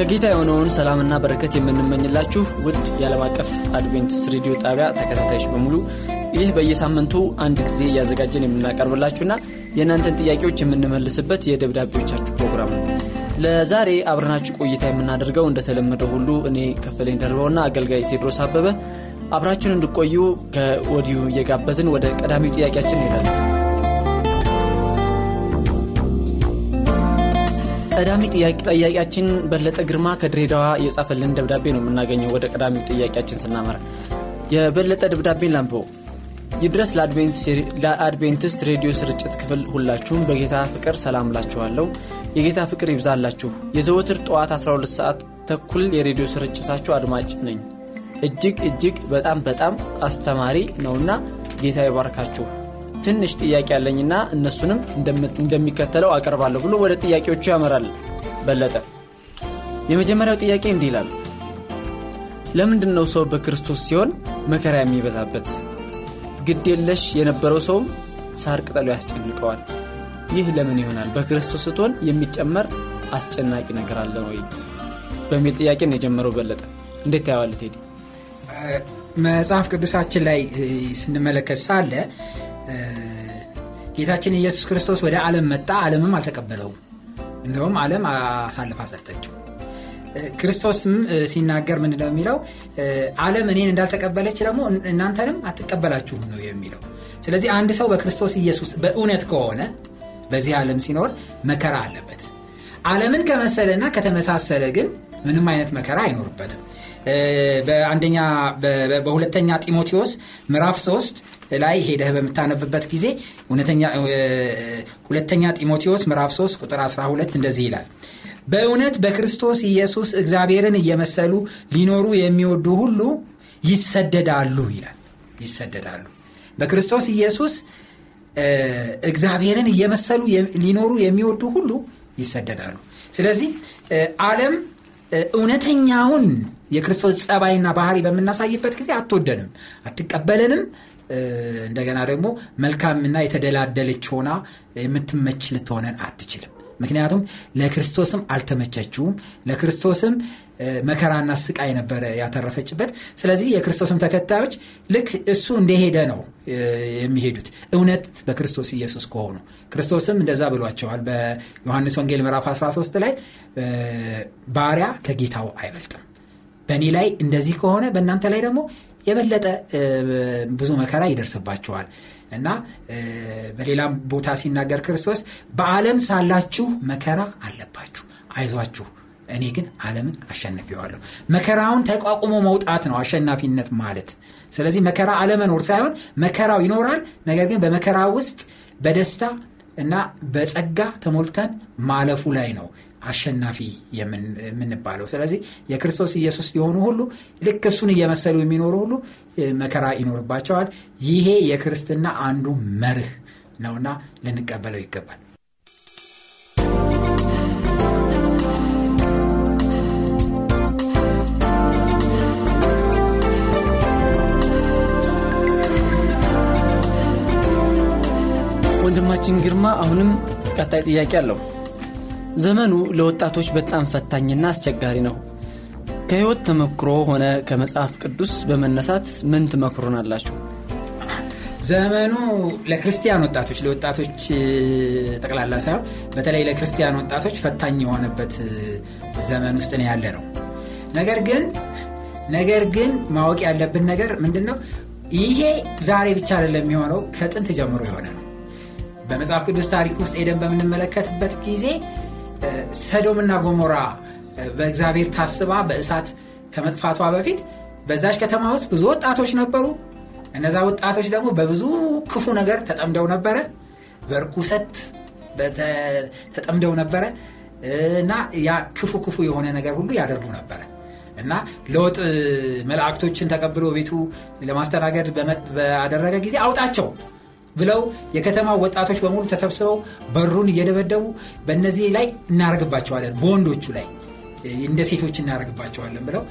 ከጌታ የሆነውን ሰላምና በረከት የምንመኝላችሁ ውድ የዓለም አቀፍ አድቬንትስ ሬዲዮ ጣቢያ ተከታታዮች በሙሉ ይህ በየሳምንቱ አንድ ጊዜ እያዘጋጀን የምናቀርብላችሁና የእናንተን ጥያቄዎች የምንመልስበት የደብዳቤዎቻችሁ ፕሮግራም ነው ለዛሬ አብረናችሁ ቆይታ የምናደርገው እንደተለመደው ሁሉ እኔ ከፈለኝ ደርበውና አገልጋይ ቴድሮስ አበበ አብራችሁን እንድቆዩ ከወዲሁ እየጋበዝን ወደ ቀዳሚው ጥያቄያችን እንሄዳለን ቀዳሚ ጠያቂያችን በለጠ ግርማ ከድሬዳዋ የጻፈልን ደብዳቤ ነው የምናገኘው። ወደ ቀዳሚው ጥያቄያችን ስናመራ የበለጠ ደብዳቤን ላምቦ ይድረስ ለአድቬንቲስት ሬዲዮ ስርጭት ክፍል ሁላችሁም በጌታ ፍቅር ሰላም ላችኋለሁ። የጌታ ፍቅር ይብዛላችሁ። የዘወትር ጠዋት 12 ሰዓት ተኩል የሬዲዮ ስርጭታችሁ አድማጭ ነኝ። እጅግ እጅግ በጣም በጣም አስተማሪ ነውና ጌታ ይባርካችሁ። ትንሽ ጥያቄ ያለኝና እነሱንም እንደሚከተለው አቀርባለሁ ብሎ ወደ ጥያቄዎቹ ያመራል በለጠ። የመጀመሪያው ጥያቄ እንዲህ ይላል። ለምንድን ነው ሰው በክርስቶስ ሲሆን መከራ የሚበዛበት? ግድ የለሽ የነበረው ሰውም ሳር ቅጠሉ ያስጨንቀዋል። ይህ ለምን ይሆናል? በክርስቶስ ስትሆን የሚጨመር አስጨናቂ ነገር አለ ወይ በሚል ጥያቄ ነው የጀመረው በለጠ። እንዴት ታያዋለት ሄዲ መጽሐፍ ቅዱሳችን ላይ ስንመለከት ሳለ ጌታችን ኢየሱስ ክርስቶስ ወደ ዓለም መጣ፣ ዓለምም አልተቀበለውም። እንደውም ዓለም አሳልፋ ሰጠችው። ክርስቶስም ሲናገር ምንድነው የሚለው? ዓለም እኔን እንዳልተቀበለች ደግሞ እናንተንም አትቀበላችሁም ነው የሚለው። ስለዚህ አንድ ሰው በክርስቶስ ኢየሱስ በእውነት ከሆነ በዚህ ዓለም ሲኖር መከራ አለበት። ዓለምን ከመሰለና ከተመሳሰለ ግን ምንም አይነት መከራ አይኖርበትም። በአንደኛ በሁለተኛ ጢሞቴዎስ ምዕራፍ 3 ላይ ሄደህ በምታነብበት ጊዜ ሁለተኛ ጢሞቴዎስ ምዕራፍ 3 ቁጥር 12 እንደዚህ ይላል በእውነት በክርስቶስ ኢየሱስ እግዚአብሔርን እየመሰሉ ሊኖሩ የሚወዱ ሁሉ ይሰደዳሉ ይላል ይሰደዳሉ በክርስቶስ ኢየሱስ እግዚአብሔርን እየመሰሉ ሊኖሩ የሚወዱ ሁሉ ይሰደዳሉ ስለዚህ ዓለም እውነተኛውን የክርስቶስ ጸባይና ባህሪ በምናሳይበት ጊዜ አትወደንም አትቀበለንም እንደገና ደግሞ መልካምና የተደላደለች ሆና የምትመች ልትሆነን አትችልም። ምክንያቱም ለክርስቶስም አልተመቸችውም። ለክርስቶስም መከራና ስቃይ ነበረ ያተረፈችበት። ስለዚህ የክርስቶስን ተከታዮች ልክ እሱ እንደሄደ ነው የሚሄዱት እውነት በክርስቶስ ኢየሱስ ከሆኑ ክርስቶስም እንደዛ ብሏቸዋል። በዮሐንስ ወንጌል ምዕራፍ 13 ላይ ባሪያ ከጌታው አይበልጥም፣ በእኔ ላይ እንደዚህ ከሆነ በእናንተ ላይ ደግሞ የበለጠ ብዙ መከራ ይደርስባቸዋል እና በሌላም ቦታ ሲናገር ክርስቶስ በዓለም ሳላችሁ መከራ አለባችሁ፣ አይዟችሁ እኔ ግን ዓለምን አሸንፊዋለሁ። መከራውን ተቋቁሞ መውጣት ነው አሸናፊነት ማለት። ስለዚህ መከራ አለመኖር ሳይሆን መከራው ይኖራል፣ ነገር ግን በመከራ ውስጥ በደስታ እና በጸጋ ተሞልተን ማለፉ ላይ ነው አሸናፊ የምንባለው። ስለዚህ የክርስቶስ ኢየሱስ የሆኑ ሁሉ ልክ እሱን እየመሰሉ የሚኖሩ ሁሉ መከራ ይኖርባቸዋል። ይሄ የክርስትና አንዱ መርህ ነውና ልንቀበለው ይገባል። ወንድማችን ግርማ አሁንም ቀጣይ ጥያቄ አለው። ዘመኑ ለወጣቶች በጣም ፈታኝና አስቸጋሪ ነው። ከህይወት ተመክሮ ሆነ ከመጽሐፍ ቅዱስ በመነሳት ምን አላችሁ ዘመኑ ለክርስቲያን ወጣቶች ለወጣቶች ጠቅላላ ሳይሆን በተለይ ለክርስቲያን ወጣቶች ፈታኝ የሆነበት ዘመን ውስጥ ነው ያለ ነው። ነገር ግን ነገር ግን ማወቅ ያለብን ነገር ምንድን ነው? ይሄ ዛሬ ብቻ አይደለም የሆነው ከጥንት ጀምሮ የሆነ ነው። በመጽሐፍ ቅዱስ ታሪክ ውስጥ ሄደን በምንመለከትበት ጊዜ ሰዶምና ጎሞራ በእግዚአብሔር ታስባ በእሳት ከመጥፋቷ በፊት በዛች ከተማ ውስጥ ብዙ ወጣቶች ነበሩ። እነዛ ወጣቶች ደግሞ በብዙ ክፉ ነገር ተጠምደው ነበረ፣ በርኩሰት ተጠምደው ነበረ እና ያ ክፉ ክፉ የሆነ ነገር ሁሉ ያደርጉ ነበረ እና ለውጥ መላእክቶችን ተቀብሎ ቤቱ ለማስተናገድ ባደረገ ጊዜ አውጣቸው ብለው የከተማ ወጣቶች በሙሉ ተሰብስበው በሩን እየደበደቡ በእነዚህ ላይ እናደርግባቸዋለን፣ በወንዶቹ ላይ እንደ ሴቶች እናደርግባቸዋለን ብለው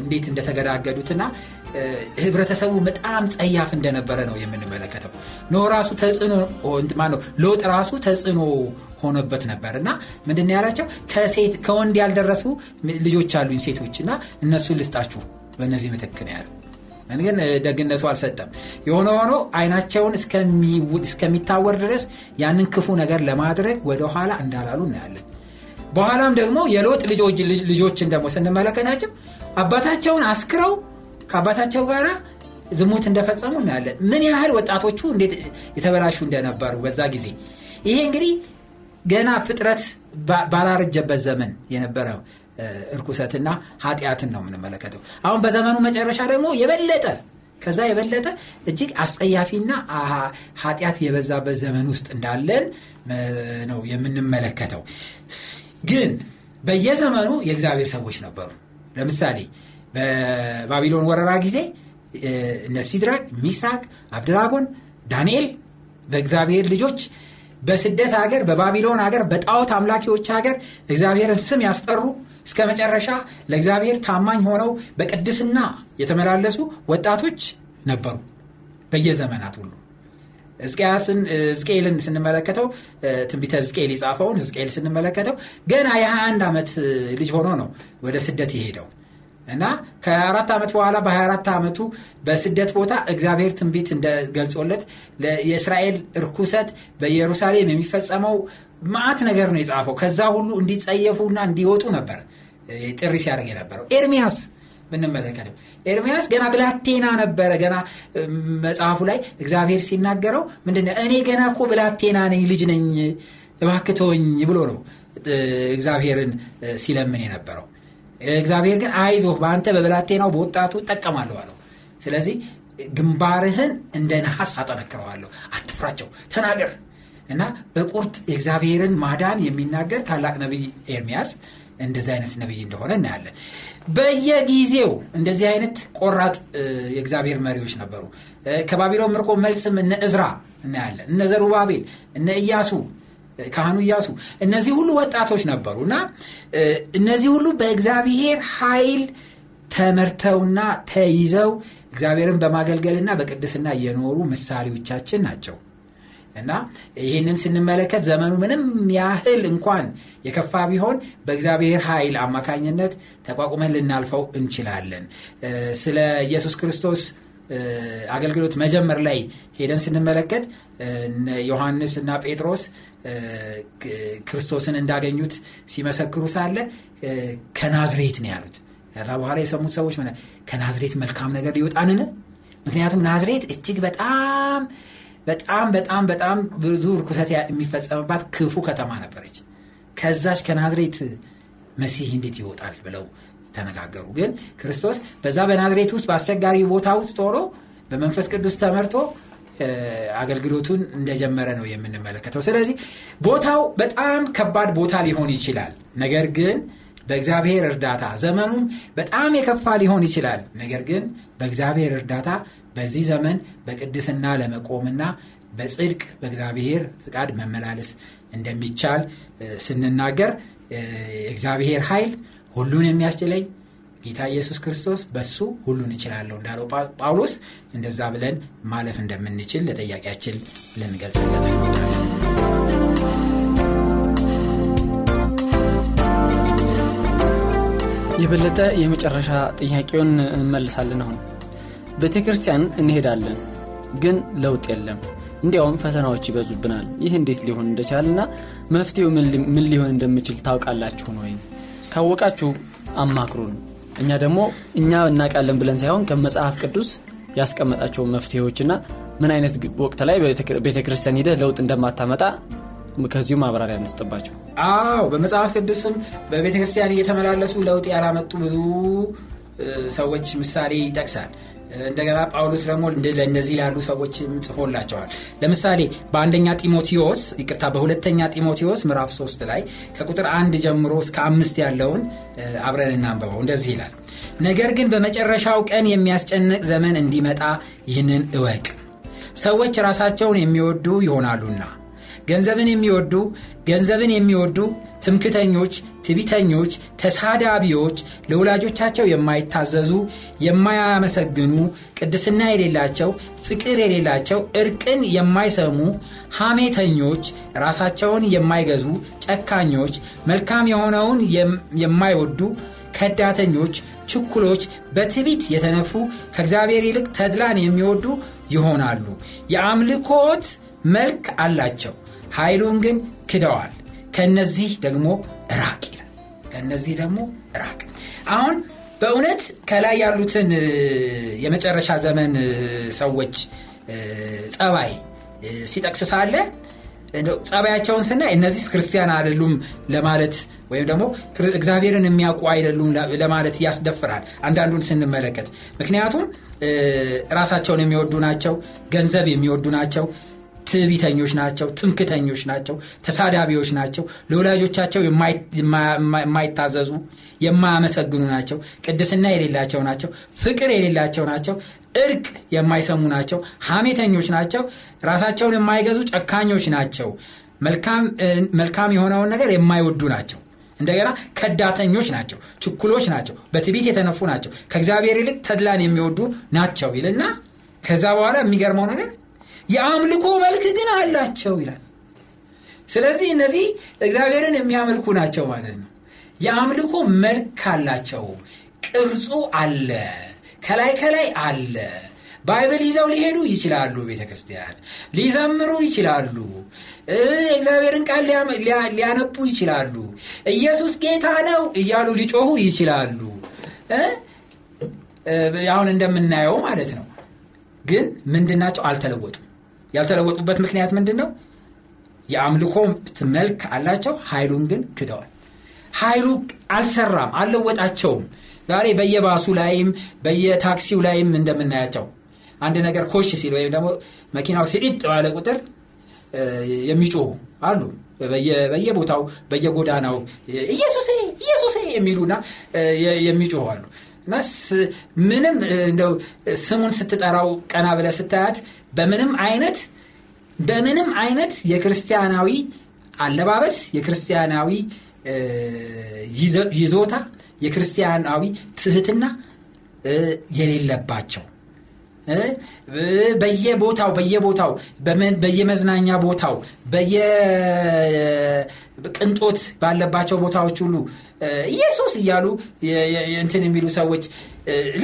እንዴት እንደተገዳገዱትና ህብረተሰቡ በጣም ጸያፍ እንደነበረ ነው የምንመለከተው። ኖ ራሱ ተጽዕኖ ነው ሎጥ ራሱ ተጽዕኖ ሆኖበት ነበር እና ምንድን ያላቸው ከወንድ ያልደረሱ ልጆች አሉኝ ሴቶች እና እነሱን ልስጣችሁ በእነዚህ ምትክ ነው ያለው። ግን ደግነቱ አልሰጠም የሆነ ሆኖ አይናቸውን እስከሚታወር ድረስ ያንን ክፉ ነገር ለማድረግ ወደኋላ እንዳላሉ እናያለን በኋላም ደግሞ የሎጥ ልጆችን ደግሞ ስንመለከታቸው አባታቸውን አስክረው ከአባታቸው ጋር ዝሙት እንደፈጸሙ እናያለን ምን ያህል ወጣቶቹ እንዴት የተበላሹ እንደነበሩ በዛ ጊዜ ይሄ እንግዲህ ገና ፍጥረት ባላረጀበት ዘመን የነበረው እርኩሰትና ኃጢአትን ነው የምንመለከተው። አሁን በዘመኑ መጨረሻ ደግሞ የበለጠ ከዛ የበለጠ እጅግ አስጠያፊና ኃጢአት የበዛበት ዘመን ውስጥ እንዳለን ነው የምንመለከተው። ግን በየዘመኑ የእግዚአብሔር ሰዎች ነበሩ። ለምሳሌ በባቢሎን ወረራ ጊዜ እነ ሲድራቅ፣ ሚሳቅ፣ አብድራጎን፣ ዳንኤል በእግዚአብሔር ልጆች በስደት ሀገር፣ በባቢሎን ሀገር፣ በጣዖት አምላኪዎች ሀገር እግዚአብሔርን ስም ያስጠሩ እስከ መጨረሻ ለእግዚአብሔር ታማኝ ሆነው በቅድስና የተመላለሱ ወጣቶች ነበሩ በየዘመናት ሁሉ ስቅያስን ዝቅኤልን ስንመለከተው ትንቢተ ዝቅኤል የጻፈውን ዝቅኤል ስንመለከተው ገና የ21 ዓመት ልጅ ሆኖ ነው ወደ ስደት የሄደው እና ከአራት ዓመት በኋላ በ24 ዓመቱ በስደት ቦታ እግዚአብሔር ትንቢት እንደገልጾለት የእስራኤል እርኩሰት በኢየሩሳሌም የሚፈጸመው ማአት ነገር ነው የጻፈው ከዛ ሁሉ እንዲጸየፉና እንዲወጡ ነበር ጥሪ ሲያደርግ የነበረው ኤርሚያስ ብንመለከተው ኤርሚያስ ገና ብላቴና ነበረ ገና መጽሐፉ ላይ እግዚአብሔር ሲናገረው ምንድነ እኔ ገና እኮ ብላቴና ነኝ ልጅ ነኝ እባክተወኝ ብሎ ነው እግዚአብሔርን ሲለምን የነበረው እግዚአብሔር ግን አይዞህ በአንተ በብላቴናው በወጣቱ ጠቀማለሁ አለው ስለዚህ ግንባርህን እንደ ነሐስ አጠነክረዋለሁ አትፍራቸው ተናገር እና በቁርጥ የእግዚአብሔርን ማዳን የሚናገር ታላቅ ነቢይ ኤርሚያስ እንደዚህ አይነት ነቢይ እንደሆነ እናያለን። በየጊዜው እንደዚህ አይነት ቆራጥ የእግዚአብሔር መሪዎች ነበሩ። ከባቢሎን ምርቆ መልስም እነ እዝራ እናያለን፣ እነ ዘሩባቤል፣ እነ እያሱ ካህኑ እያሱ እነዚህ ሁሉ ወጣቶች ነበሩ እና እነዚህ ሁሉ በእግዚአብሔር ኃይል ተመርተውና ተይዘው እግዚአብሔርን በማገልገልና በቅድስና የኖሩ ምሳሌዎቻችን ናቸው። እና ይህንን ስንመለከት ዘመኑ ምንም ያህል እንኳን የከፋ ቢሆን በእግዚአብሔር ኃይል አማካኝነት ተቋቁመን ልናልፈው እንችላለን ስለ ኢየሱስ ክርስቶስ አገልግሎት መጀመር ላይ ሄደን ስንመለከት ዮሐንስ እና ጴጥሮስ ክርስቶስን እንዳገኙት ሲመሰክሩ ሳለ ከናዝሬት ነው ያሉት ከዛ በኋላ የሰሙት ሰዎች ከናዝሬት መልካም ነገር ሊወጣንን ምክንያቱም ናዝሬት እጅግ በጣም በጣም በጣም በጣም ብዙ ርኩሰት የሚፈጸምባት ክፉ ከተማ ነበረች። ከዛች ከናዝሬት መሲህ እንዴት ይወጣል ብለው ተነጋገሩ። ግን ክርስቶስ በዛ በናዝሬት ውስጥ በአስቸጋሪ ቦታ ውስጥ ሆኖ በመንፈስ ቅዱስ ተመርቶ አገልግሎቱን እንደጀመረ ነው የምንመለከተው። ስለዚህ ቦታው በጣም ከባድ ቦታ ሊሆን ይችላል። ነገር ግን በእግዚአብሔር እርዳታ ዘመኑም በጣም የከፋ ሊሆን ይችላል። ነገር ግን በእግዚአብሔር እርዳታ በዚህ ዘመን በቅድስና ለመቆምና በጽድቅ በእግዚአብሔር ፍቃድ መመላለስ እንደሚቻል ስንናገር የእግዚአብሔር ኃይል ሁሉን የሚያስችለኝ ጌታ ኢየሱስ ክርስቶስ በሱ ሁሉን እችላለሁ እንዳለው ጳውሎስ እንደዛ ብለን ማለፍ እንደምንችል ለጠያቂያችን ልንገልጽለት የበለጠ የመጨረሻ ጥያቄውን እንመልሳለን። አሁን ቤተ ክርስቲያን እንሄዳለን፣ ግን ለውጥ የለም። እንዲያውም ፈተናዎች ይበዙብናል። ይህ እንዴት ሊሆን ና መፍትሄው ምን ሊሆን ታውቃላችሁ ታውቃላችሁን ወይም ካወቃችሁ አማክሩን። እኛ ደግሞ እኛ እናውቃለን ብለን ሳይሆን ከመጽሐፍ ቅዱስ ያስቀመጣቸው መፍትሄዎችና ምን አይነት ወቅት ላይ ቤተ ክርስቲያን ሂደህ ለውጥ እንደማታመጣ ከዚሁ ማብራሪያ እንስጥባቸው። አዎ በመጽሐፍ ቅዱስም በቤተ ክርስቲያን እየተመላለሱ ለውጥ ያላመጡ ብዙ ሰዎች ምሳሌ ይጠቅሳል። እንደገና ጳውሎስ ደግሞ ለእነዚህ ላሉ ሰዎችም ጽፎላቸዋል። ለምሳሌ በአንደኛ ጢሞቴዎስ ይቅርታ፣ በሁለተኛ ጢሞቴዎስ ምዕራፍ 3 ላይ ከቁጥር አንድ ጀምሮ እስከ አምስት ያለውን አብረን እናንበበው እንደዚህ ይላል፣ ነገር ግን በመጨረሻው ቀን የሚያስጨንቅ ዘመን እንዲመጣ ይህንን እወቅ፣ ሰዎች ራሳቸውን የሚወዱ ይሆናሉና ገንዘብን የሚወዱ ገንዘብን የሚወዱ ትምክተኞች፣ ትቢተኞች፣ ተሳዳቢዎች፣ ለወላጆቻቸው የማይታዘዙ፣ የማያመሰግኑ፣ ቅድስና የሌላቸው፣ ፍቅር የሌላቸው፣ እርቅን የማይሰሙ፣ ሐሜተኞች፣ ራሳቸውን የማይገዙ፣ ጨካኞች፣ መልካም የሆነውን የማይወዱ፣ ከዳተኞች፣ ችኩሎች፣ በትቢት የተነፉ፣ ከእግዚአብሔር ይልቅ ተድላን የሚወዱ ይሆናሉ። የአምልኮት መልክ አላቸው ኃይሉን ግን ክደዋል ከነዚህ ደግሞ ራቅ ይላል ከነዚህ ደግሞ ራቅ አሁን በእውነት ከላይ ያሉትን የመጨረሻ ዘመን ሰዎች ጸባይ ሲጠቅስ ሳለ ጸባያቸውን ስናይ እነዚህ ክርስቲያን አይደሉም ለማለት ወይም ደግሞ እግዚአብሔርን የሚያውቁ አይደሉም ለማለት ያስደፍራል አንዳንዱን ስንመለከት ምክንያቱም ራሳቸውን የሚወዱ ናቸው ገንዘብ የሚወዱ ናቸው ትዕቢተኞች ናቸው ትምክተኞች ናቸው ተሳዳቢዎች ናቸው ለወላጆቻቸው የማይታዘዙ የማያመሰግኑ ናቸው ቅድስና የሌላቸው ናቸው ፍቅር የሌላቸው ናቸው እርቅ የማይሰሙ ናቸው ሀሜተኞች ናቸው ራሳቸውን የማይገዙ ጨካኞች ናቸው መልካም የሆነውን ነገር የማይወዱ ናቸው እንደገና ከዳተኞች ናቸው ችኩሎች ናቸው በትቢት የተነፉ ናቸው ከእግዚአብሔር ይልቅ ተድላን የሚወዱ ናቸው ይልና ከዛ በኋላ የሚገርመው ነገር የአምልኮ መልክ ግን አላቸው ይላል ስለዚህ እነዚህ እግዚአብሔርን የሚያመልኩ ናቸው ማለት ነው የአምልኮ መልክ አላቸው ቅርጹ አለ ከላይ ከላይ አለ ባይብል ይዘው ሊሄዱ ይችላሉ ቤተ ክርስቲያን ሊዘምሩ ይችላሉ እግዚአብሔርን ቃል ሊያነቡ ይችላሉ ኢየሱስ ጌታ ነው እያሉ ሊጮሁ ይችላሉ አሁን እንደምናየው ማለት ነው ግን ምንድናቸው አልተለወጡም ያልተለወጡበት ምክንያት ምንድን ነው? የአምልኮ መልክ አላቸው፣ ኃይሉን ግን ክደዋል። ኃይሉ አልሰራም፣ አልለወጣቸውም። ዛሬ በየባሱ ላይም በየታክሲው ላይም እንደምናያቸው አንድ ነገር ኮሽ ሲል ወይም ደግሞ መኪናው ሲጢጥ ባለ ቁጥር የሚጮሁ አሉ። በየቦታው በየጎዳናው ኢየሱሴ ኢየሱሴ የሚሉና የሚጮሁ አሉ እና ምንም እንደው ስሙን ስትጠራው ቀና ብለ ስታያት በምንም አይነት በምንም አይነት የክርስቲያናዊ አለባበስ የክርስቲያናዊ ይዞታ የክርስቲያናዊ ትህትና የሌለባቸው በየቦታው በየቦታው በየመዝናኛ ቦታው በየቅንጦት ባለባቸው ቦታዎች ሁሉ ኢየሱስ እያሉ እንትን የሚሉ ሰዎች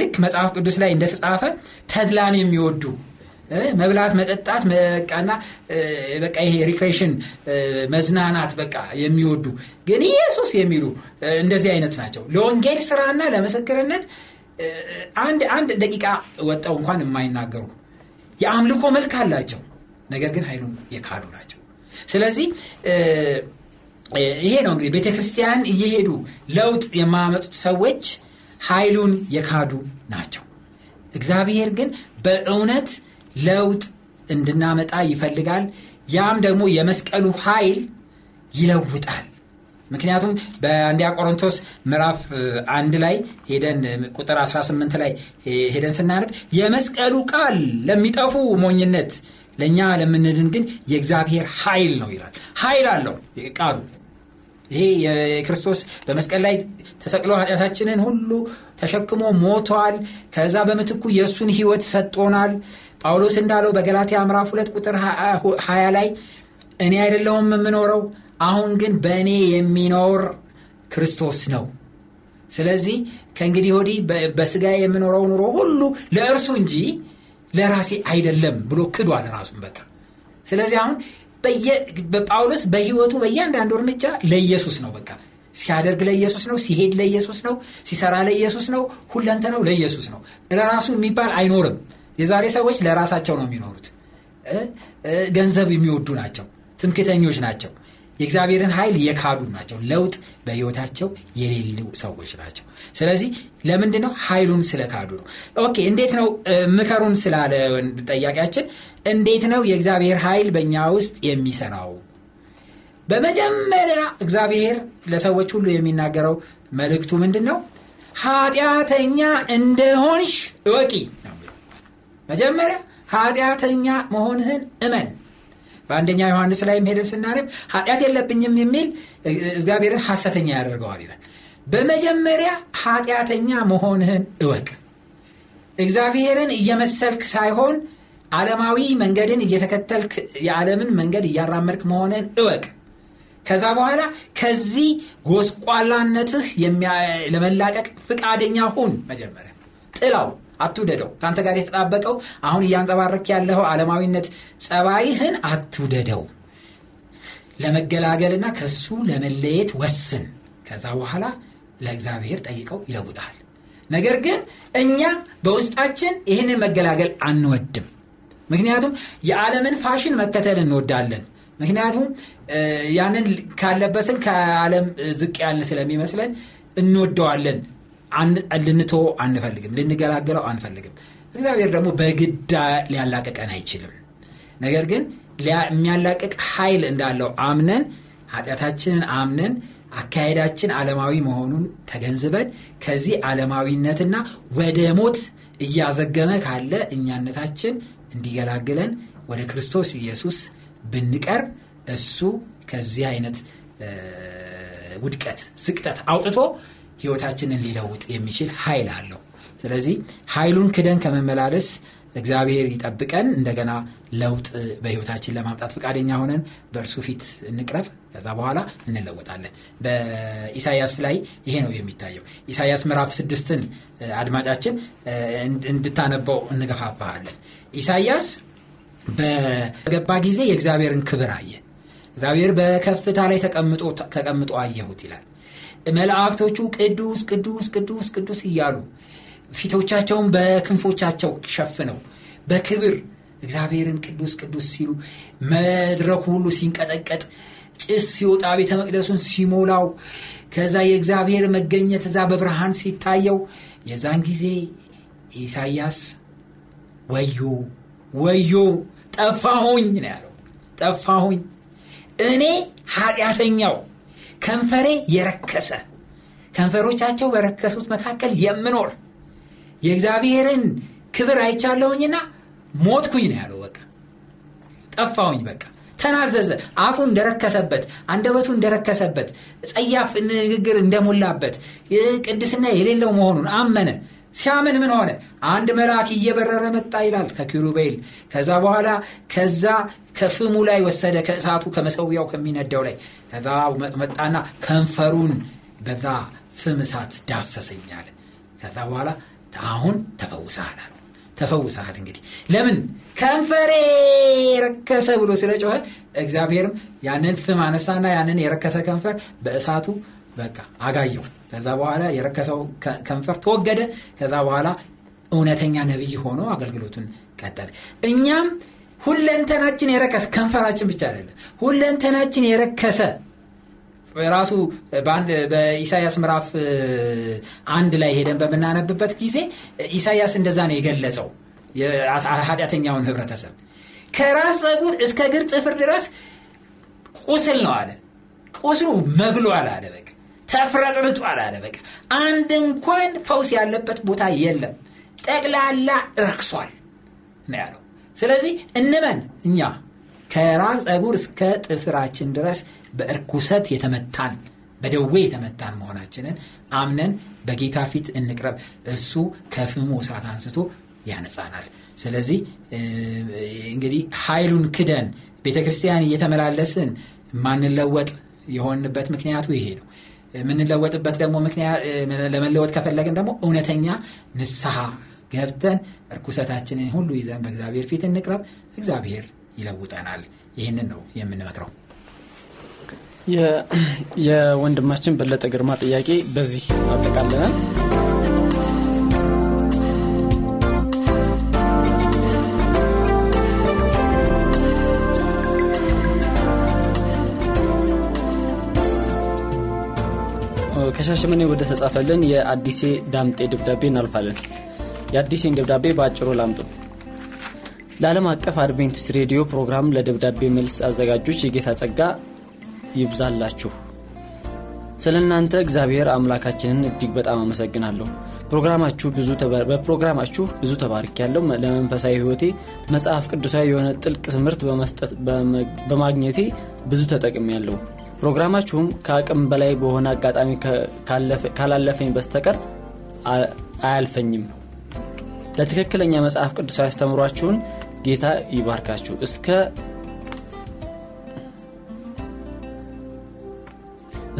ልክ መጽሐፍ ቅዱስ ላይ እንደተጻፈ ተድላን የሚወዱ መብላት መጠጣት በቃና በቃ ይሄ ሪክሬሽን መዝናናት በቃ የሚወዱ ግን ኢየሱስ የሚሉ እንደዚህ አይነት ናቸው ለወንጌል ስራና ለምስክርነት አንድ አንድ ደቂቃ ወጣው እንኳን የማይናገሩ የአምልኮ መልክ አላቸው ነገር ግን ኃይሉን የካሉ ናቸው ስለዚህ ይሄ ነው እንግዲህ ቤተክርስቲያን እየሄዱ ለውጥ የማያመጡት ሰዎች ኃይሉን የካዱ ናቸው እግዚአብሔር ግን በእውነት ለውጥ እንድናመጣ ይፈልጋል። ያም ደግሞ የመስቀሉ ኃይል ይለውጣል። ምክንያቱም በአንዲያ ቆሮንቶስ ምዕራፍ አንድ ላይ ሄደን ቁጥር 18 ላይ ሄደን ስናነብ የመስቀሉ ቃል ለሚጠፉ ሞኝነት፣ ለእኛ ለምንድን ግን የእግዚአብሔር ኃይል ነው ይላል። ኃይል አለው ቃሉ። ይሄ የክርስቶስ በመስቀል ላይ ተሰቅሎ ኃጢአታችንን ሁሉ ተሸክሞ ሞቷል። ከዛ በምትኩ የእሱን ህይወት ሰጦናል። ጳውሎስ እንዳለው በገላትያ ምራፍ 2 ቁጥር 20 ላይ እኔ አይደለውም የምኖረው አሁን ግን በእኔ የሚኖር ክርስቶስ ነው ስለዚህ ከእንግዲህ ወዲህ በስጋ የምኖረው ኑሮ ሁሉ ለእርሱ እንጂ ለራሴ አይደለም ብሎ ክዷል ራሱን በቃ ስለዚህ አሁን ጳውሎስ በህይወቱ በእያንዳንዱ እርምጃ ለኢየሱስ ነው በቃ ሲያደርግ ለኢየሱስ ነው ሲሄድ ለኢየሱስ ነው ሲሰራ ለኢየሱስ ነው ሁለንተ ነው ለኢየሱስ ነው ለራሱ የሚባል አይኖርም የዛሬ ሰዎች ለራሳቸው ነው የሚኖሩት። ገንዘብ የሚወዱ ናቸው። ትምክተኞች ናቸው። የእግዚአብሔርን ኃይል የካዱ ናቸው። ለውጥ በህይወታቸው የሌሉ ሰዎች ናቸው። ስለዚህ ለምንድ ነው? ኃይሉን ስለካዱ ነው። ኦኬ፣ እንዴት ነው ምከሩን ስላለ ጠያቂያችን፣ እንዴት ነው የእግዚአብሔር ኃይል በእኛ ውስጥ የሚሰራው? በመጀመሪያ እግዚአብሔር ለሰዎች ሁሉ የሚናገረው መልእክቱ ምንድን ነው? ኃጢአተኛ እንደሆንሽ እወቂ መጀመሪያ ኃጢአተኛ መሆንህን እመን። በአንደኛ ዮሐንስ ላይም ሄደን ስናነብ ኃጢአት የለብኝም የሚል እግዚአብሔርን ሐሰተኛ ያደርገዋል ይላል። በመጀመሪያ ኃጢአተኛ መሆንህን እወቅ። እግዚአብሔርን እየመሰልክ ሳይሆን ዓለማዊ መንገድን እየተከተልክ የዓለምን መንገድ እያራመድክ መሆንህን እወቅ። ከዛ በኋላ ከዚህ ጎስቋላነትህ ለመላቀቅ ፍቃደኛ ሁን። መጀመሪያ ጥላው አትውደደው። ከአንተ ጋር የተጣበቀው አሁን እያንጸባረክ ያለው ዓለማዊነት ጸባይህን አትውደደው። ለመገላገልና ከሱ ለመለየት ወስን። ከዛ በኋላ ለእግዚአብሔር ጠይቀው ይለውጣል። ነገር ግን እኛ በውስጣችን ይህንን መገላገል አንወድም። ምክንያቱም የዓለምን ፋሽን መከተል እንወዳለን። ምክንያቱም ያንን ካለበስን ከዓለም ዝቅ ያለ ስለሚመስለን እንወደዋለን። ልንተወው አንፈልግም፣ ልንገላገለው አንፈልግም። እግዚአብሔር ደግሞ በግዳ ሊያላቅቀን አይችልም። ነገር ግን የሚያላቅቅ ኃይል እንዳለው አምነን ኃጢአታችንን አምነን አካሄዳችን ዓለማዊ መሆኑን ተገንዝበን ከዚህ ዓለማዊነትና ወደ ሞት እያዘገመ ካለ እኛነታችን እንዲገላግለን ወደ ክርስቶስ ኢየሱስ ብንቀርብ እሱ ከዚህ አይነት ውድቀት፣ ዝቅጠት አውጥቶ ህይወታችንን ሊለውጥ የሚችል ኃይል አለው ስለዚህ ኃይሉን ክደን ከመመላለስ እግዚአብሔር ይጠብቀን እንደገና ለውጥ በህይወታችን ለማምጣት ፈቃደኛ ሆነን በእርሱ ፊት እንቅረብ ከዛ በኋላ እንለወጣለን በኢሳያስ ላይ ይሄ ነው የሚታየው ኢሳያስ ምዕራፍ ስድስትን አድማጫችን እንድታነባው እንገፋፋሃለን ኢሳያስ በገባ ጊዜ የእግዚአብሔርን ክብር አየ እግዚአብሔር በከፍታ ላይ ተቀምጦ አየሁት ይላል መላእክቶቹ ቅዱስ ቅዱስ ቅዱስ ቅዱስ እያሉ ፊቶቻቸውን በክንፎቻቸው ሸፍነው በክብር እግዚአብሔርን ቅዱስ ቅዱስ ሲሉ መድረኩ ሁሉ ሲንቀጠቀጥ ጭስ ሲወጣ ቤተ መቅደሱን ሲሞላው ከዛ የእግዚአብሔር መገኘት እዛ በብርሃን ሲታየው የዛን ጊዜ ኢሳይያስ ወዮ ወዮ ጠፋሁኝ ነው ያለው። ጠፋሁኝ እኔ ኃጢአተኛው ከንፈሬ የረከሰ ከንፈሮቻቸው በረከሱት መካከል የምኖር የእግዚአብሔርን ክብር አይቻለሁኝና ሞትኩኝ ነው ያለው በቃ ጠፋውኝ በቃ ተናዘዘ አፉ እንደረከሰበት አንደበቱ እንደረከሰበት ጸያፍ ንግግር እንደሞላበት ቅድስና የሌለው መሆኑን አመነ ሲያምን ምን ሆነ? አንድ መልአክ እየበረረ መጣ ይላል ከኪሩቤል። ከዛ በኋላ ከዛ ከፍሙ ላይ ወሰደ፣ ከእሳቱ ከመሰዊያው ከሚነዳው ላይ ከዛ መጣና ከንፈሩን በዛ ፍም እሳት ዳሰሰኛል። ከዛ በኋላ አሁን ተፈውሰሃል አለ። ተፈውሰሃል እንግዲህ ለምን ከንፈሬ የረከሰ ብሎ ስለጮኸ እግዚአብሔርም ያንን ፍም አነሳና ያንን የረከሰ ከንፈር በእሳቱ በቃ አጋየው። ከዛ በኋላ የረከሰው ከንፈር ተወገደ። ከዛ በኋላ እውነተኛ ነቢይ ሆኖ አገልግሎቱን ቀጠለ። እኛም ሁለንተናችን የረከሰ ከንፈራችን ብቻ አይደለም፣ ሁለንተናችን የረከሰ ራሱ በኢሳያስ ምዕራፍ አንድ ላይ ሄደን በምናነብበት ጊዜ ኢሳያስ እንደዛ ነው የገለጸው ኃጢአተኛውን ህብረተሰብ ከራስ ጸጉር እስከ እግር ጥፍር ድረስ ቁስል ነው አለ። ቁስሉ መግሏል አለ። ተፍረድ አላለ። በቃ አንድ እንኳን ፈውስ ያለበት ቦታ የለም፣ ጠቅላላ ረክሷል ነው ያለው። ስለዚህ እንመን እኛ ከራስ ጸጉር እስከ ጥፍራችን ድረስ በእርኩሰት የተመታን በደዌ የተመታን መሆናችንን አምነን በጌታ ፊት እንቅረብ። እሱ ከፍሙ እሳት አንስቶ ያነጻናል። ስለዚህ እንግዲህ ኃይሉን ክደን ቤተ ክርስቲያን እየተመላለስን ማንለወጥ የሆንበት ምክንያቱ ይሄ ነው። የምንለወጥበት ደግሞ ምክንያት ለመለወጥ ከፈለግን ደግሞ እውነተኛ ንስሐ ገብተን እርኩሰታችንን ሁሉ ይዘን በእግዚአብሔር ፊት እንቅረብ። እግዚአብሔር ይለውጠናል። ይህንን ነው የምንመክረው። የወንድማችን በለጠ ግርማ ጥያቄ በዚህ አጠቃለናል ከሻሸመኔ ወደ ተጻፈልን የአዲሴ ዳምጤ ደብዳቤ እናልፋለን። የአዲሴን ደብዳቤ በአጭሩ ላምጡ። ለዓለም አቀፍ አድቬንቲስት ሬዲዮ ፕሮግራም ለደብዳቤ መልስ አዘጋጆች የጌታ ጸጋ ይብዛላችሁ። ስለ እናንተ እግዚአብሔር አምላካችንን እጅግ በጣም አመሰግናለሁ። ፕሮግራማችሁ ብዙ በፕሮግራማችሁ ብዙ ተባርክ ያለው ለመንፈሳዊ ህይወቴ መጽሐፍ ቅዱሳዊ የሆነ ጥልቅ ትምህርት በማግኘቴ ብዙ ተጠቅሜ ያለው። ፕሮግራማችሁም ከአቅም በላይ በሆነ አጋጣሚ ካላለፈኝ በስተቀር አያልፈኝም ለትክክለኛ መጽሐፍ ቅዱስ ያስተምሯችሁን ጌታ ይባርካችሁ እስከ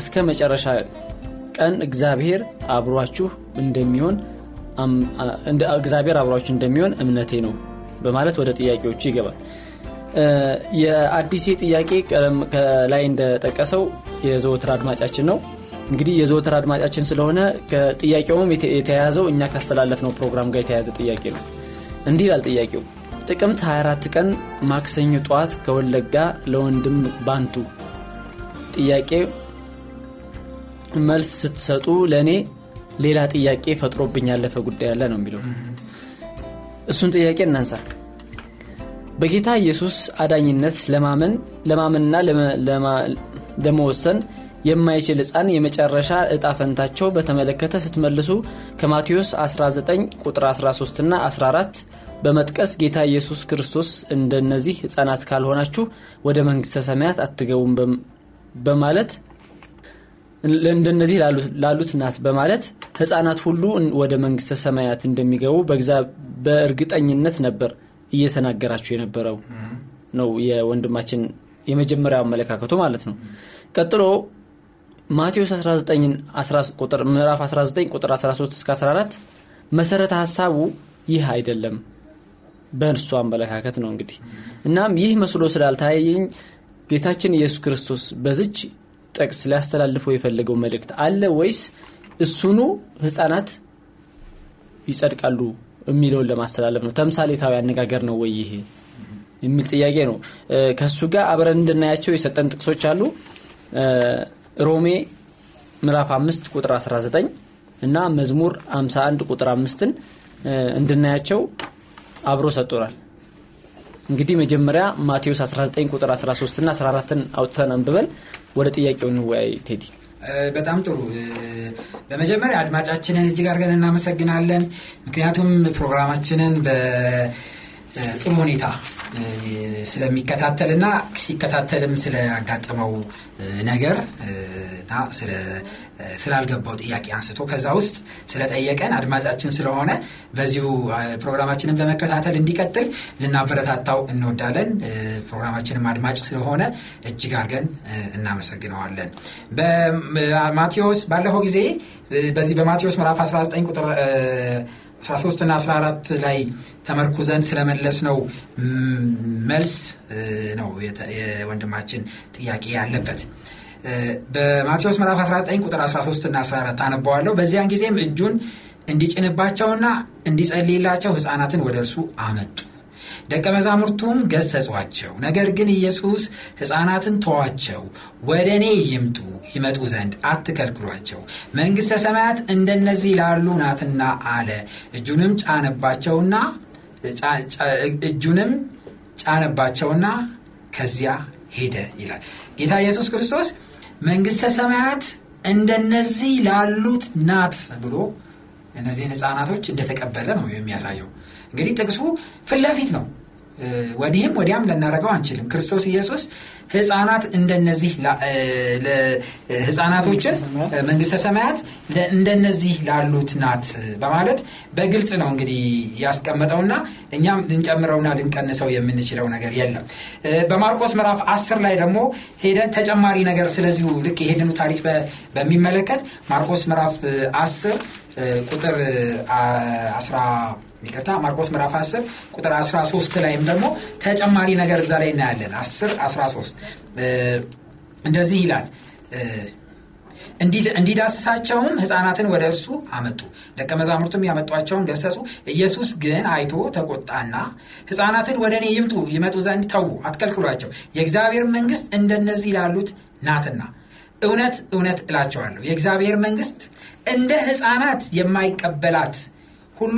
እስከ መጨረሻ ቀን እግዚአብሔር አብሯችሁ እንደሚሆን እግዚአብሔር አብሯችሁ እንደሚሆን እምነቴ ነው በማለት ወደ ጥያቄዎቹ ይገባል የአዲሴ ጥያቄ ከላይ እንደጠቀሰው የዘወትር አድማጫችን ነው። እንግዲህ የዘወትር አድማጫችን ስለሆነ ከጥያቄውም የተያያዘው እኛ ነው ፕሮግራም ጋር የተያያዘ ጥያቄ ነው። እንዲህ ይላል ጥያቄው ጥቅምት 24 ቀን ማክሰኞ ጠዋት ከወለጋ ለወንድም ባንቱ ጥያቄ መልስ ስትሰጡ ለእኔ ሌላ ጥያቄ ፈጥሮብኝ ያለፈ ጉዳይ አለ ነው የሚለው። እሱን ጥያቄ እናንሳ። በጌታ ኢየሱስ አዳኝነት ለማመንና ለመወሰን የማይችል ሕፃን የመጨረሻ ዕጣ ፈንታቸው በተመለከተ ስትመልሱ ከማቴዎስ 19 ቁጥር 13 እና 14 በመጥቀስ ጌታ ኢየሱስ ክርስቶስ እንደነዚህ ሕፃናት ካልሆናችሁ ወደ መንግሥተ ሰማያት አትገቡም በማለት እንደነዚህ ላሉት ናት በማለት ሕፃናት ሁሉ ወደ መንግሥተ ሰማያት እንደሚገቡ በእርግጠኝነት ነበር እየተናገራችሁ የነበረው ነው የወንድማችን የመጀመሪያው አመለካከቱ ማለት ነው። ቀጥሎ ማቴዎስ 19 ምዕራፍ 19 ቁጥር 13 እስከ 14 መሰረተ ሀሳቡ ይህ አይደለም በእርሱ አመለካከት ነው። እንግዲህ እናም ይህ መስሎ ስላልታየኝ ጌታችን ኢየሱስ ክርስቶስ በዝች ጥቅስ ሊያስተላልፈው የፈለገው መልእክት አለ ወይስ እሱኑ ህፃናት ይጸድቃሉ የሚለውን ለማስተላለፍ ነው ተምሳሌታዊ አነጋገር ነው ወይ ይሄ የሚል ጥያቄ ነው ከእሱ ጋር አብረን እንድናያቸው የሰጠን ጥቅሶች አሉ ሮሜ ምዕራፍ 5 ቁጥር 19 እና መዝሙር 51 ቁጥር 5ን እንድናያቸው አብሮ ሰጥቶናል እንግዲህ መጀመሪያ ማቴዎስ 19 ቁጥር 13 እና 14ን አውጥተን አንብበን ወደ ጥያቄው እንወያይ ቴዲ በጣም ጥሩ። በመጀመሪያ አድማጫችንን እጅግ አድርገን እናመሰግናለን። ምክንያቱም ፕሮግራማችንን በጥሩ ሁኔታ ስለሚከታተል እና ሲከታተልም ስላጋጠመው ነገር እና ስላልገባው ጥያቄ አንስቶ ከዛ ውስጥ ስለጠየቀን አድማጫችን ስለሆነ በዚሁ ፕሮግራማችንን በመከታተል እንዲቀጥል ልናበረታታው እንወዳለን። ፕሮግራማችንም አድማጭ ስለሆነ እጅግ አርገን እናመሰግነዋለን። በማቴዎስ ባለፈው ጊዜ በዚህ በማቴዎስ ምዕራፍ 19 ቁጥር 13 እና 14 ላይ ተመርኩዘን ስለመለስ ነው መልስ ነው የወንድማችን ጥያቄ ያለበት። በማቴዎስ ምዕራፍ 19 ቁጥር 13 እና 14 አነበዋለሁ። በዚያን ጊዜም እጁን እንዲጭንባቸውና እንዲጸልይላቸው ህፃናትን ወደ እርሱ አመጡ። ደቀ መዛሙርቱም ገሰጿቸው። ነገር ግን ኢየሱስ ሕፃናትን ተዋቸው፣ ወደ እኔ ይምጡ ይመጡ ዘንድ አትከልክሏቸው፣ መንግሥተ ሰማያት እንደነዚህ ላሉ ናትና አለ። እጁንም ጫነባቸውና እጁንም ጫነባቸውና ከዚያ ሄደ ይላል ጌታ ኢየሱስ ክርስቶስ። መንግሥተ ሰማያት እንደነዚህ ላሉት ናት ብሎ እነዚህን ህፃናቶች እንደተቀበለ ነው የሚያሳየው። እንግዲህ ጥቅሱ ፊት ለፊት ነው። ወዲህም ወዲያም ልናደርገው አንችልም። ክርስቶስ ኢየሱስ ህፃናት እንደነዚህ ህፃናቶችን መንግስተ ሰማያት እንደነዚህ ላሉት ናት በማለት በግልጽ ነው እንግዲህ ያስቀመጠውና እኛም ልንጨምረውና ልንቀንሰው የምንችለው ነገር የለም። በማርቆስ ምዕራፍ አስር ላይ ደግሞ ሄደን ተጨማሪ ነገር ስለዚሁ ልክ የሄድኑ ታሪክ በሚመለከት ማርቆስ ምዕራፍ አስር ቁጥር 1 ይቅርታ ማርቆስ ምዕራፍ 10 ቁጥር 13 ላይም ደግሞ ተጨማሪ ነገር እዛ ላይ እናያለን 10 13 እንደዚህ ይላል እንዲዳስሳቸውም ህፃናትን ወደ እርሱ አመጡ ደቀ መዛሙርቱም ያመጧቸውን ገሰጹ ኢየሱስ ግን አይቶ ተቆጣና ህፃናትን ወደ እኔ ይምጡ ይመጡ ዘንድ ተዉ አትከልክሏቸው የእግዚአብሔር መንግስት እንደነዚህ ላሉት ናትና እውነት እውነት እላቸዋለሁ የእግዚአብሔር መንግስት እንደ ህፃናት የማይቀበላት ሁሉ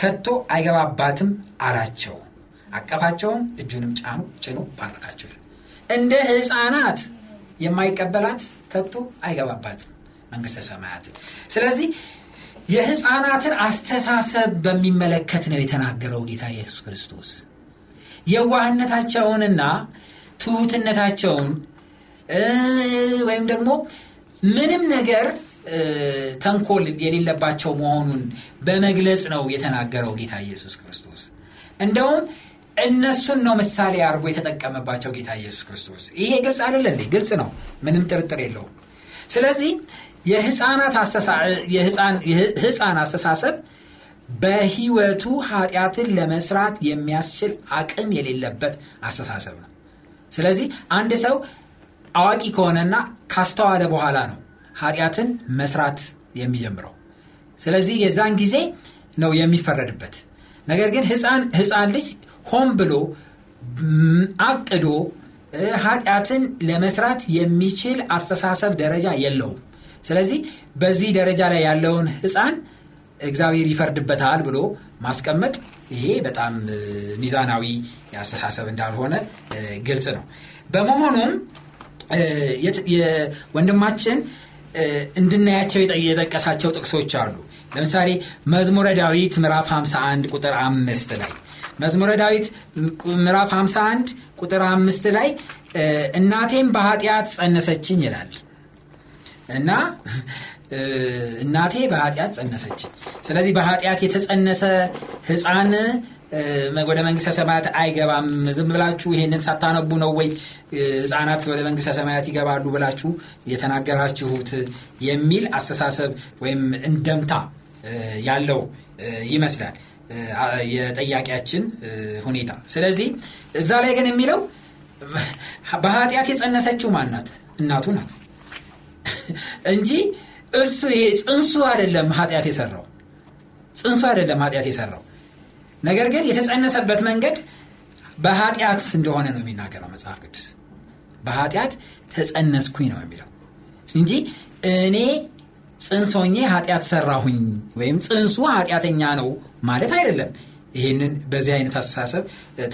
ከቶ አይገባባትም አላቸው። አቀፋቸውም እጁንም ጫኑ ጭኑ ባረካቸው። እንደ ህፃናት የማይቀበላት ከቶ አይገባባትም መንግስተ ሰማያትን። ስለዚህ የህፃናትን አስተሳሰብ በሚመለከት ነው የተናገረው ጌታ ኢየሱስ ክርስቶስ። የዋህነታቸውንና ትሑትነታቸውን ወይም ደግሞ ምንም ነገር ተንኮል የሌለባቸው መሆኑን በመግለጽ ነው የተናገረው ጌታ ኢየሱስ ክርስቶስ። እንደውም እነሱን ነው ምሳሌ አድርጎ የተጠቀመባቸው ጌታ ኢየሱስ ክርስቶስ። ይሄ ግልጽ አይደለ ግልጽ ነው፣ ምንም ጥርጥር የለውም። ስለዚህ የህፃን አስተሳሰብ በህይወቱ ኃጢአትን ለመስራት የሚያስችል አቅም የሌለበት አስተሳሰብ ነው። ስለዚህ አንድ ሰው አዋቂ ከሆነና ካስተዋለ በኋላ ነው ኃጢአትን መስራት የሚጀምረው። ስለዚህ የዛን ጊዜ ነው የሚፈረድበት። ነገር ግን ህፃን ልጅ ሆን ብሎ አቅዶ ኃጢአትን ለመስራት የሚችል አስተሳሰብ ደረጃ የለውም። ስለዚህ በዚህ ደረጃ ላይ ያለውን ህፃን እግዚአብሔር ይፈርድበታል ብሎ ማስቀመጥ ይሄ በጣም ሚዛናዊ አስተሳሰብ እንዳልሆነ ግልጽ ነው። በመሆኑም ወንድማችን እንድናያቸው የጠቀሳቸው ጥቅሶች አሉ ለምሳሌ መዝሙረ ዳዊት ምዕራፍ 51 ቁጥር አምስት ላይ መዝሙረ ዳዊት ምዕራፍ 51 ቁጥር አምስት ላይ እናቴም በኃጢአት ጸነሰችኝ ይላል እና እናቴ በኃጢአት ጸነሰችኝ ስለዚህ በኃጢአት የተጸነሰ ህፃን ወደ መንግስተ ሰማያት አይገባም ዝም ብላችሁ ይሄንን ሳታነቡ ነው ወይ ህጻናት ወደ መንግስተ ሰማያት ይገባሉ ብላችሁ የተናገራችሁት የሚል አስተሳሰብ ወይም እንደምታ ያለው ይመስላል የጠያቂያችን ሁኔታ ስለዚህ እዛ ላይ ግን የሚለው በኃጢአት የጸነሰችው ማናት እናቱ ናት እንጂ እሱ ጽንሱ አይደለም ኃጢአት የሰራው ፅንሱ አይደለም ኃጢአት የሰራው ነገር ግን የተጸነሰበት መንገድ በኃጢአት እንደሆነ ነው የሚናገረው መጽሐፍ ቅዱስ። በኃጢአት ተጸነስኩኝ ነው የሚለው እንጂ እኔ ጽንስ ኃጢአት ሰራሁኝ ወይም ጽንሱ ኃጢአተኛ ነው ማለት አይደለም። ይህንን በዚህ አይነት አስተሳሰብ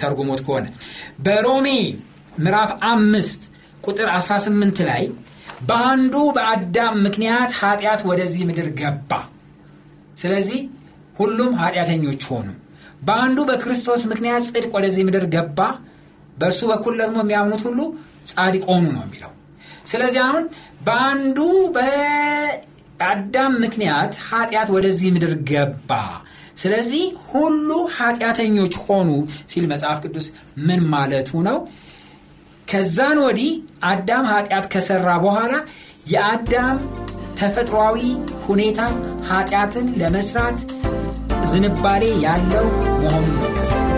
ተርጉሞት ከሆነ በሮሜ ምዕራፍ አምስት ቁጥር 18 ላይ በአንዱ በአዳም ምክንያት ኃጢአት ወደዚህ ምድር ገባ፣ ስለዚህ ሁሉም ኃጢአተኞች ሆኑ በአንዱ በክርስቶስ ምክንያት ጽድቅ ወደዚህ ምድር ገባ፣ በእርሱ በኩል ደግሞ የሚያምኑት ሁሉ ጻድቅ ሆኑ ነው የሚለው። ስለዚህ አሁን በአንዱ በአዳም ምክንያት ኃጢአት ወደዚህ ምድር ገባ፣ ስለዚህ ሁሉ ኃጢአተኞች ሆኑ ሲል መጽሐፍ ቅዱስ ምን ማለቱ ነው? ከዛን ወዲህ አዳም ኃጢአት ከሰራ በኋላ የአዳም ተፈጥሯዊ ሁኔታ ኃጢአትን ለመስራት anybody I know want